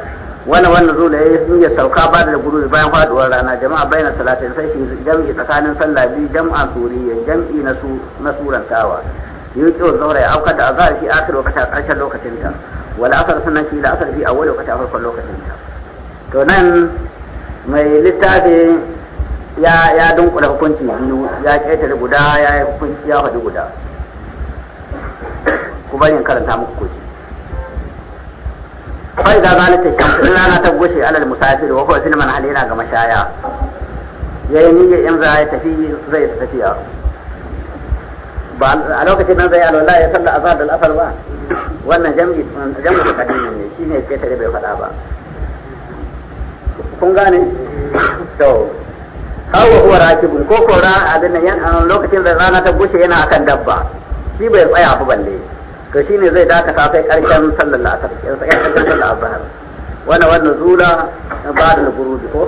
[SPEAKER 1] wani wannan zuwa ya yi ya sauka ba da gudu bayan faduwar rana jama'a bayan salatin sai shi jam'i tsakanin sallah biyu jam'a suriya jam'i na su na surantawa yuki wa zaura ya auka da azhar fi akhir a karshen lokacin ta wal asr sunan shi la asr fi awwal lokacin farkon lokacin ta to nan mai littafi ya ya dunkula hukunci biyu ya ƙetare guda ya yi hukunci ya faɗi guda ku bari in karanta muku kuji fa idza zalat ash-shams in na ta gushe alal musafir wa huwa fi mana yana ga mashaya yayi niyya in za tafi zai tafiya ba a lokacin nan zai alwala ya salla azhar da asar ba wannan jami'in jam'i da kadin ne ne ke tare bai faɗa ba kun gane to hawa huwa rakibun ko ko a dinnan nan lokacin da rana ta gushe yana akan dabba shi bai tsaya ba balle to ne zai dakata kai karshen sallar la'asar sai karshen sallar azhar wani wa nuzula ba da ghurubi ko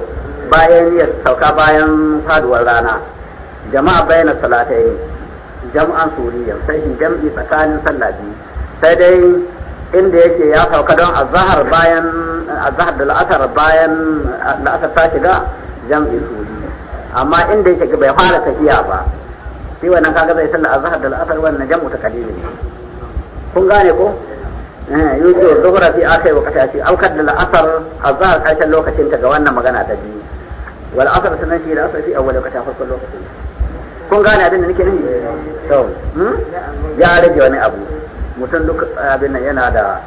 [SPEAKER 1] bayan ya sauka bayan faduwar rana jama'a bayyana salatai jam'an suriyar sai shi jam'i tsakanin sallah biyu sai dai inda yake ya sauka don azhar bayan da la'asar bayan la'asar ta shiga jam'i suriya amma inda yake bai fara tafiya ba shi wannan kaga zai sallar zahar da la'asar wannan jam'u ta kalilin ne kun gane ko yuzu eh, zuhra fi aka akai wa kaddala asar a za a karshen lokacin ta ga wannan magana ta biyu wal asar sanan shi da asar fi awwal waqti farkon lokacin kun gane abin da nake nufi to hmm?
[SPEAKER 2] ya rage wani
[SPEAKER 1] abu mutum duk abin nan yana da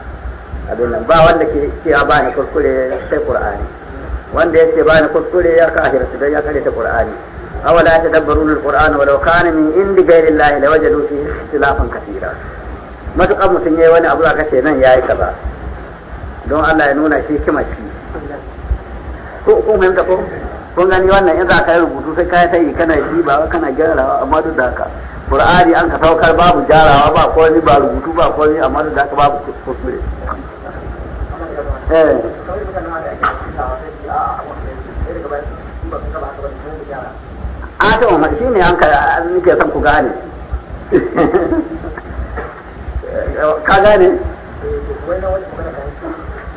[SPEAKER 1] abin nan ba wanda ke cewa ba ni kuskure sai qur'ani wanda yake ba ni kuskure ya ka kafirta dan ya kare ta qur'ani awala tadabbaruna al-qur'ana walau kana min indi ghayri allahi lawajadu fihi ikhtilafan katira matuƙar mutum ya yi wani abu aka ce nan ya yi kaza don Allah ya nuna shi kima shi ko kun fahimta ko kun gani wannan in za ka yi rubutu sai ka ta yi kana shi ba kana gyarawa amma duk da ka qur'ani an ka saukar babu gyarawa ba komai ba rubutu ba komai amma duk da ka babu kuskure a ta wa shi ne an ka nike son ku gane ka gane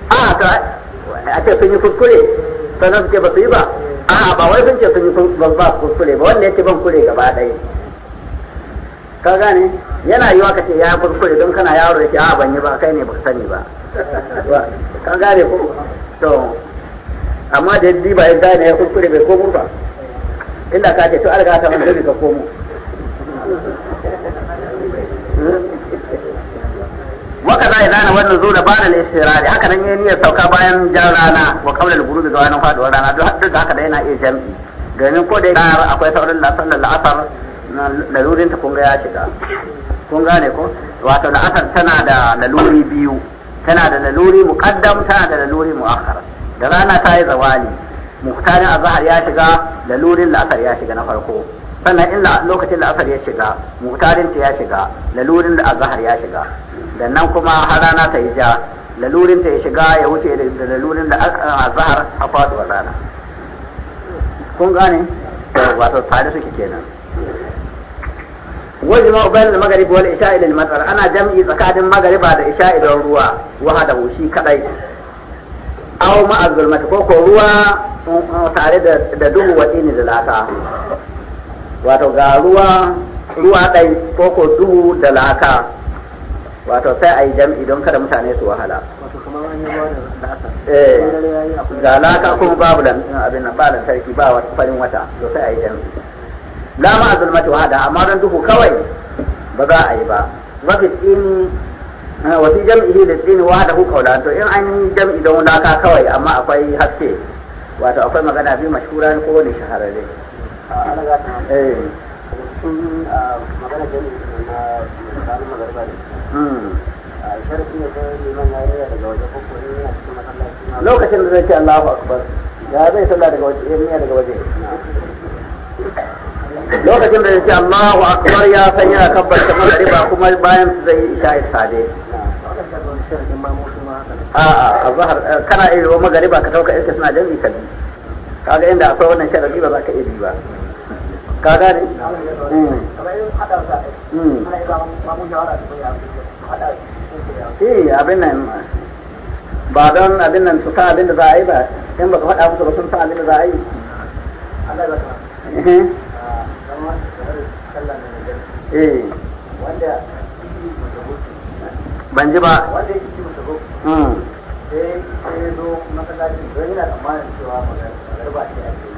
[SPEAKER 1] ah, a ta a ce sun yi kuskure sannan su ce ba su yi ba a ba wai sun ce sun yi ba kuskure ba wanda ya ce ban kure gaba ɗaya ka gane yana yiwa ka ce ya kuskure don kana yaro ya ce a ban yi ba kai ne ba sani ba ka gane ko to amma da yadda ba ya gane ya kuskure bai komo ba inda ka ce to alga ta wani ka komo waka za ya zana wannan zo da bada lishirari haka nan yi niyyar sauka bayan jan rana wa qabla al-ghurub ga wani faduwar rana duk haka da yana iya jami'i ganin ko da akwai saurin lasar da la'asar na lalurinta kun ga ya shiga kun gane ko wato la'asar tana da laluri biyu tana da laluri muqaddam tana da laluri muakhar da rana ta yi zawali muhtarin azhar ya shiga lalurin la'asar ya shiga na farko sannan in lokacin la'asar ya shiga muhtarin ta ya shiga lalurin azhar ya shiga da nan kuma har rana ta yi ja lalurin ta ya shiga ya wuce da lalurin da aka zahar a faduwar rana kun gane wato tare suke kenan wajen ma ubayin da magarib wani isha ilil matsar ana jam'i tsakanin magariba da isha idan ruwa wahada shi kadai aw ma azulmata ko ko ruwa uh, uh, tare da duhu wa da lata wato ga ruwa ruwa dai ko ko duhu da lata wato sai a yi jam'i don kada mutane su wahala eh ga laka kuma babu lan abin nan balan sarki ba wata farin wata to sai a yi jam'i la ma zulmatu wahada amma don duhu kawai ba za a yi ba mafi tsini eh, wasu fi da tsini wahadahu qawlan to in an yi jam'i don laka kawai amma akwai haske wato akwai magana bi mashhura ko wani shahararre eh cikin ah, magana da
[SPEAKER 2] na misalin magarba hmm. ah, ne Ya sai ya daga waje ko kuma yana cikin lokacin
[SPEAKER 1] da zai ce Allahu akbar ya zai sallah daga waje ya daga waje lokacin da Allahu akbar ya san yana kabbarta magariba kuma bayan zai isha isade a'a a zahar eh, kana iya magariba ka tauka iska suna jami'i ka kaga inda akwai wannan sharadi ba za ka iya bi ba ka gane hmm.
[SPEAKER 2] Hmm. eh abin nan
[SPEAKER 1] ba don abin nan su san abin da za a yi ba in baka faɗa musu ba sun san abin da za a yi
[SPEAKER 2] eh. Eh. wanda ban ji ba wanda ya ci masa gobe hmm. eh, sai zo masallacin don yana tsammanin cewa magana ba ce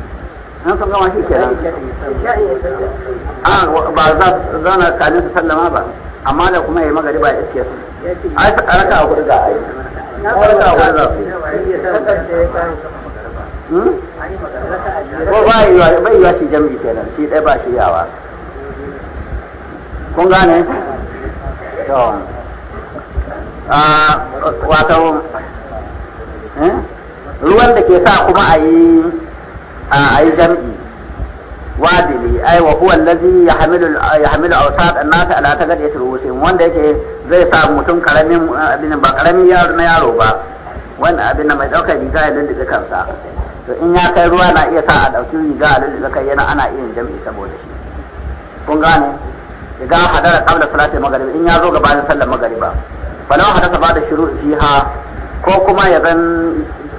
[SPEAKER 2] an
[SPEAKER 1] kan gama shi kenan ah, a ba za su zauna kamin su sallama ba amma da kuma yi magari ba ya iske su a yi raka a kudu ga a yi raka a kudu za su
[SPEAKER 2] hmm? ko ba yi wa
[SPEAKER 1] bai yi wa shi jam'i kenan shi ɗaya ba shi yawa kun gane to ah, wato eh? ruwan da ke sa kuma a yi a yi jam'i wabili ai wa huwa allazi yahmilu yahmilu awsat an-nas ala tagadi ruusin wanda yake zai sa mutum karamin abin ba karamin yaro na yaro ba wanda abin mai daukar riga ya lullube kansa to in ya kai ruwa na iya sa a dauki riga a lullube kai yana ana iya jam'i saboda shi kun gane idan hadara qabla salati maghrib in ya zo gabanin sallar maghriba falau hadasa ba bada shuru fiha ko kuma ya zan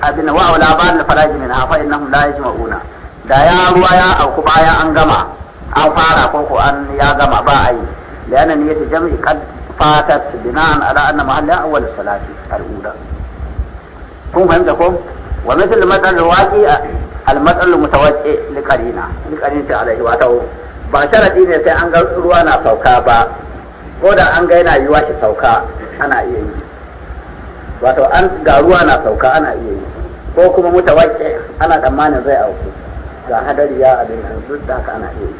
[SPEAKER 1] abin wa aula ba da faraji min hafa innahum la yajma'una da ya ruwa ya auku bayan an gama an fara ko ko an ya gama ba ai da yana niyyar jam'i kad fatat binan ala anna mahalla awwal salati al-ula kun fahimta ko wa mithlu matal waqi al-matal mutawaqi li qarina li ta alaihi wa ta'u ba sharadi ne sai an ga ruwa na sauka ba ko da an ga yana yiwa shi sauka ana iya yi wato an ga ruwa na sauka ana iya yi ko kuma mutawakke ana tsammanin zai auku ga hadari ya abin nan duk da haka ana iya yi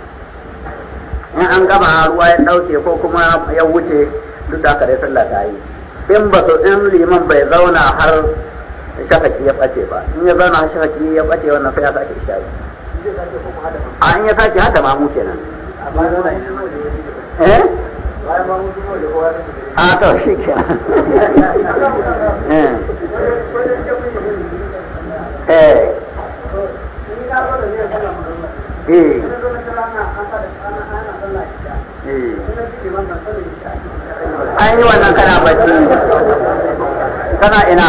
[SPEAKER 1] in an gama ruwa ya dauke ko kuma ya wuce duk da haka dai sallah ta yi in ba so in liman bai zauna har shafaki ya bace ba in ya zauna har shafaki ya bace wannan sai ya sake isha'i a ah, in ya sake hada mu kenan
[SPEAKER 2] eh a ah, to shi ke eh. Eh. Eh. an yi wannan kana bacci kana ina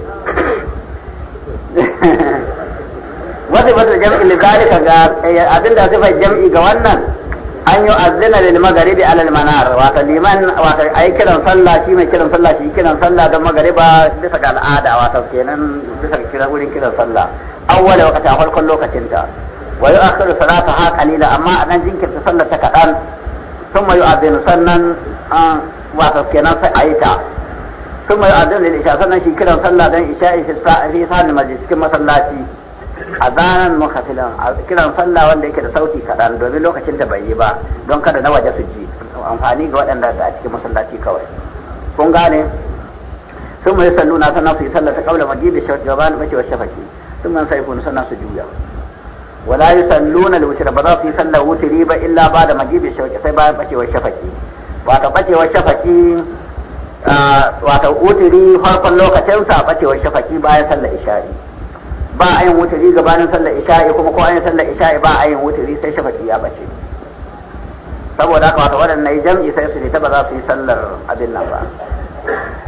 [SPEAKER 1] wasu fatar jam'i li zalika ga abinda sifar jam'i ga wannan an yi azina lil magharibi alal manar wato liman wato ai kiran sallah shi mai kiran sallah shi kiran sallah don magariba bisa ga al'ada wato kenan bisa kiran wurin kiran sallah awwala waqti a farkon lokacin ta wa yu'akhiru salata ha qalila amma anan jinkirta sallar ta kadan thumma yu'adhinu sannan wato kenan sai ayi ta sannan shi kiran sallah dan isha isha cikin masallaci A azanan a kiran sallah wanda yake da sauti kaɗan domin lokacin da bai yi ba don kada na waje su ji amfani ga waɗanda da a cikin masallaci kawai kun gane sun mai sallu na sannan su yi sallah ta kaula majibi jawaban mace wa shafaki sun man sai kun sannan su juya wala yi yusalluna al-witr ba za su yi sallah wutri ba illa ba da majibi shafaki sai bayan bace wa shafaki wato bace wa shafaki ah, wato wutri farkon lokacin sa wa shafaki bayan sallah isha'i ba a yin wuturi gabanin sallar isha'i kuma ko an yi sallar isha'i ba a yin wuturi sai shafaki ya bace saboda haka wata waɗanda yi jam'i sai su ta ba za su yi sallar abin nan ba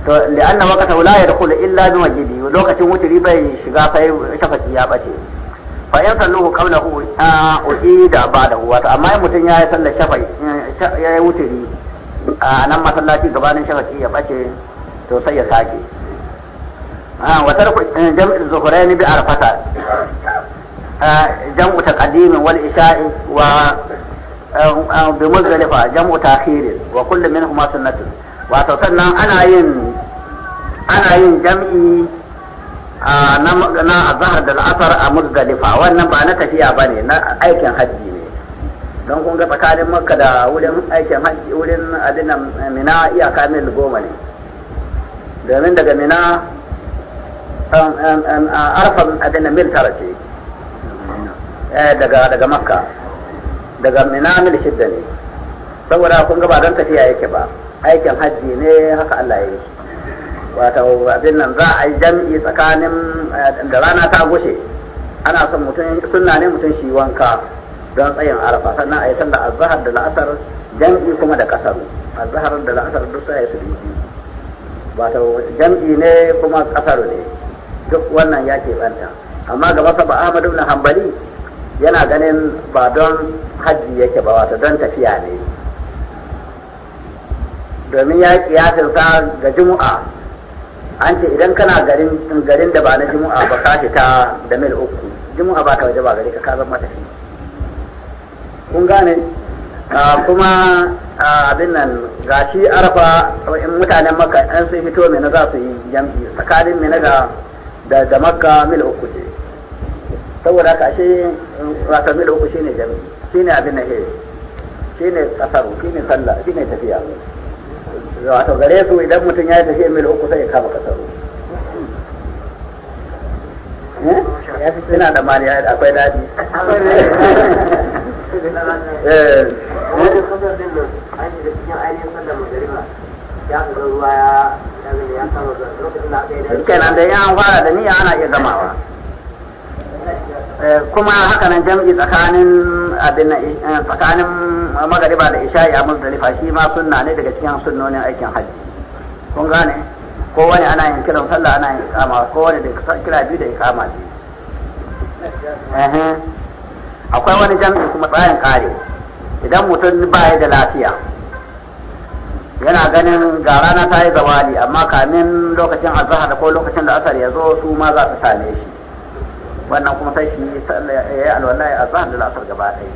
[SPEAKER 1] to da annan waqata la yadkhulu illa bi wajibi lokacin wuturi bai shiga sai shafaki ya bace fa in salluhu qablahu uida ba'dahu wato amma in mutum ya yi sallar shafa'i ya yi wuturi a nan masallaci gabanin shafaki ya bace to sai ya sake وترك جمع الظهرين بعرفة جمع تقديم والإشاء و بمزدلفة جمع azahar da la'asar a muzdalifa wannan ba na tafiya ba ne na aikin hajji ne don kun ga tsakanin maka da wurin aikin hajji wurin mina iyaka mil goma ne domin daga mina Um, um, um, uh, arfan abin mil tara ce eh, daga daga makka daga mina mil shidda ne saboda kun ga ba don tafiya yake ba aikin hajji ne haka Allah ya yi wato abin nan za a yi jam'i tsakanin eh, da rana ta gushe ana son mutum sunna ne mutum shi wanka don tsayin arafa sannan a yi sallar azhar da la'asar jam'i kuma da kasaru azhar da la'asar duk sai su biyu wato jam'i ne kuma kasaru ne duk wannan ya keɓanta amma ga masa ba ahmadu na hambali yana ganin ba don hajji yake ba wata don tafiya ne domin ya kiyasin sa ga jimu'a an ce idan kana garin garin da ba na jimu'a ba ka fita da mil uku jimu'a ba ta waje ba gari ka ka zama tafi kun gane ah, kuma ah, abin nan gashi arafa in mutanen maka an sai fito mai na za su yi jam'i tsakanin mai na ga da da makka mil uku ce saboda ka shi wata mil uku shine jami shine abin nahe shine kasaru shine sallah shine tafiya wato gare su idan mutum ya tafiya mil uku sai ya kama kasaru eh? ina da
[SPEAKER 2] mariya akwai daji eh wani da kenan
[SPEAKER 1] da yan fara da niyya ana iya gamawa eh, kuma haka nan jam'i tsakanin eh, tsakanin magariba da isha'i a muzdalifa shi ma sunna ne daga cikin sunnonin aikin hajji kun gane kowane ana yin kiran sallah ana yin ikama kowane da kira biyu da ikama biyu akwai wani jam'i kuma tsayin kare idan mutum ba ya da lafiya yana ganin ga rana ta yi zawali amma kamin lokacin azahar ko lokacin da asar ya zo su ma za su same shi wannan kuma sai shi ya yi alwala ya azahar da asar gaba ɗaya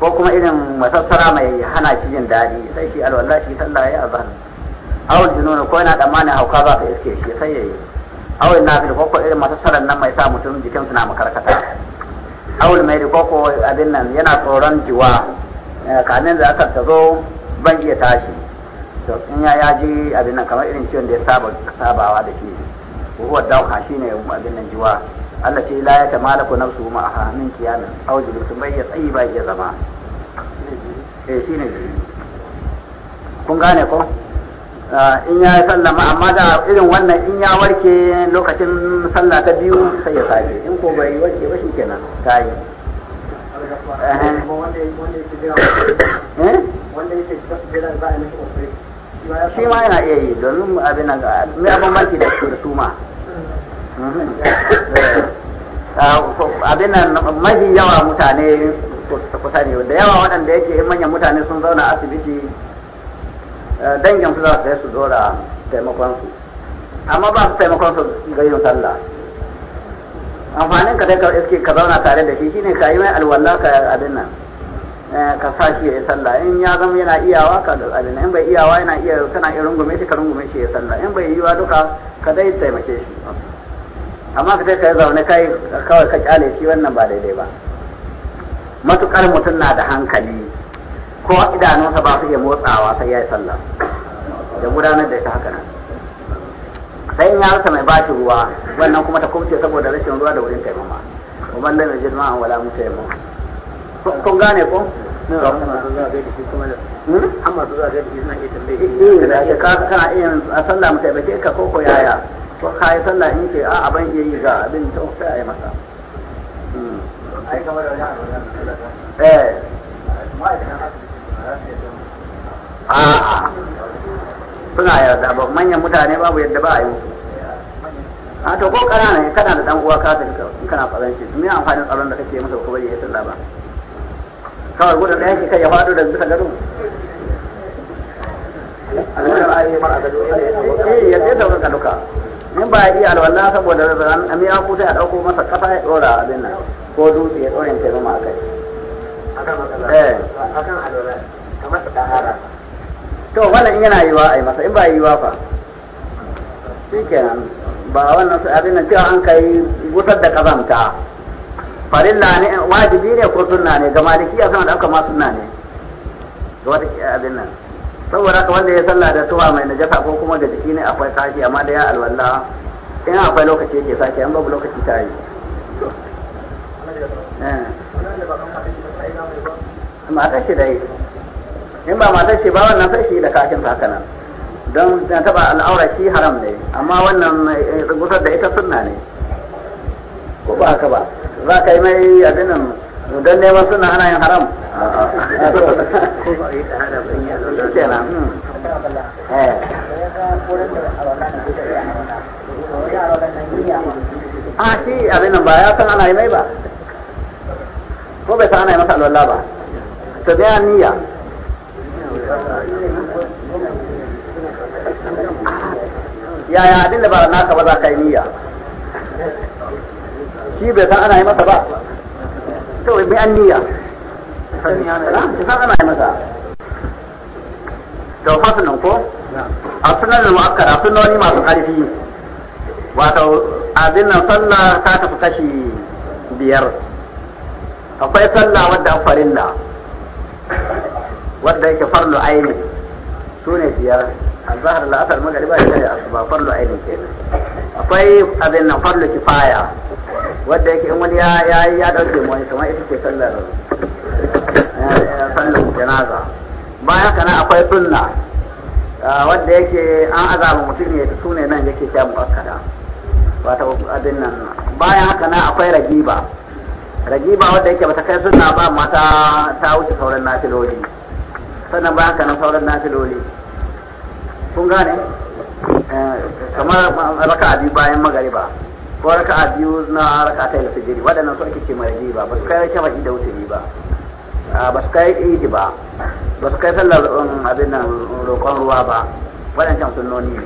[SPEAKER 1] ko kuma irin masassara mai hana shi jin daɗi sai shi alwala shi sallah ya yi azahar awul jununa ko yana da mani hauka za ka iske shi sai ya yi awul nafil ko ko irin masassaran nan mai sa mutum jikinsu na makarkata awul mai da koko abin nan yana tsoron jiwa eh, kamin da asar ta zo ban iya tashi to in ya yaji abin nan kamar irin ciwon da ya saba sabawa da shi huwa dauka shine abin nan jiwa Allah ce la ya tamalaku nafsu ma aha min kiyamin aw jibiltum bai ya tsayi ba ya zama eh shine kun gane ko in ya sallama amma da irin wannan in ya warke lokacin sallah ta biyu sai ya sake in ko bai warke ba shi kenan ta yi
[SPEAKER 2] wanda yake jira wanda yake jira za a yi mishi shi ma yana
[SPEAKER 1] iya yi domin abin nan mai bambanci da su da su ma
[SPEAKER 2] eh.
[SPEAKER 1] ah, abin nan mafi yawa mutane kusa ne da yawa waɗanda yake in manyan mutane sun zauna asibiti eh, dangin su za su sai su dora taimakon su amma ba su taimakon su ga yin sallah amfanin ka dai ka iske ka zauna tare da shi shine ka yi mai alwala ka abin nan Eh, ka sa shi ya yi sallah in ya zama yana iyawa ka da na, in bai iyawa yana iya kana iya rungume shi ka rungume shi ya sallah in bai yiwa duka ka dai taimake shi amma ka sai ka zaune kai kawai ka kyale shi wannan ba daidai ba matukar mutum na da hankali ko idanunsa ba su iya motsawa sai ya yi sallah da gudanar da ita haka nan sai in ya rasa mai bashi ruwa wannan kuma ta kumce saboda rashin ruwa da wurin taimama wa man jirgin yajid ma'an wala mutaimama kun gane ko amma su za ka yi suna iya tambaye eh ka kana iya a sallah mu taimake ka ko ko yaya ko ka yi sallah in ce a ban iya yi ga abin ta sai a yi masa
[SPEAKER 2] hmm. ai kamar da eh a
[SPEAKER 1] suna yarda ba manyan mutane babu yadda ba a yi
[SPEAKER 2] a ah, to ko kana
[SPEAKER 1] ne kana da dan uwa ka tafi kana tsaron shi me amfanin tsaron da kake masa ko bari ya sallah ba kawai gudun da yanki kai ya faɗo da bisa gado ya ce sauran ka duka in ba iya alwala saboda zan ami ya kuta ya ɗauko masa kafa ya ɗora abin nan ko dutse ya ɗora yanke zama a kai akan eh. alwala kamar ta tahara to wannan yana yiwa a yi masa in ba yiwa fa shi kenan ba wannan abin nan cewa an kai wutar da kazanta farilla ne wajibi ne ko sunna ne ga maliki ya sanar aka ma sunna ne ga wata abin nan saboda haka wanda ya sallah da tuwa mai najasa ko kuma da jiki ne akwai sashi amma da ya alwala in akwai lokaci yake sashi an babu lokaci ta yi eh. matar shi dai in ba matar shi ba wannan sai shi da kashin haka nan don taba al'aura shi haram ne amma wannan gusar eh, da ita sunna ne ko ba haka ba za ka yi mai abin nan don neman suna ana yin haram hmm.
[SPEAKER 2] a shi abin nan ba ya san ana yi mai ba
[SPEAKER 1] ko bai san ana yi masa alwala ba to biya niyya yaya abin da ba na ka ba za ka yi niyya shi bai san ana yi masa ba to bi an niyya san ana yi masa to fasunan ko a sunan da mu'akkara sunoni masu ƙarfi wato abin nan sallah ta tafi kashi biyar akwai sallah wadda an farilla wadda yake farlo aini su ne biyar azahar la'asar magariba da asuba farlo aini kenan akwai abin nan farlo kifaya wadda yake in wani ya ya dauke mu kamar ita ce sallar eh, sallar janaza bayan kana akwai sunna eh, wadda yake an azaba mutum ya ta sune nan yake ta muakkada ta abin nan bayan haka na akwai ragiba ragiba wadda yake bata kai sunna ba mata ta wuce sauran nafiloli sannan bayan haka na sauran nafiloli kun gane eh, kamar raka'a bayan magariba ko a biyu na raka'a da sujudi waɗannan su ake ce mai riba ba su kai shafa'i da yi ba ba su kai idi ba ba su kai sallar um, abin nan roƙon ruwa ba waɗancan sunnoni ne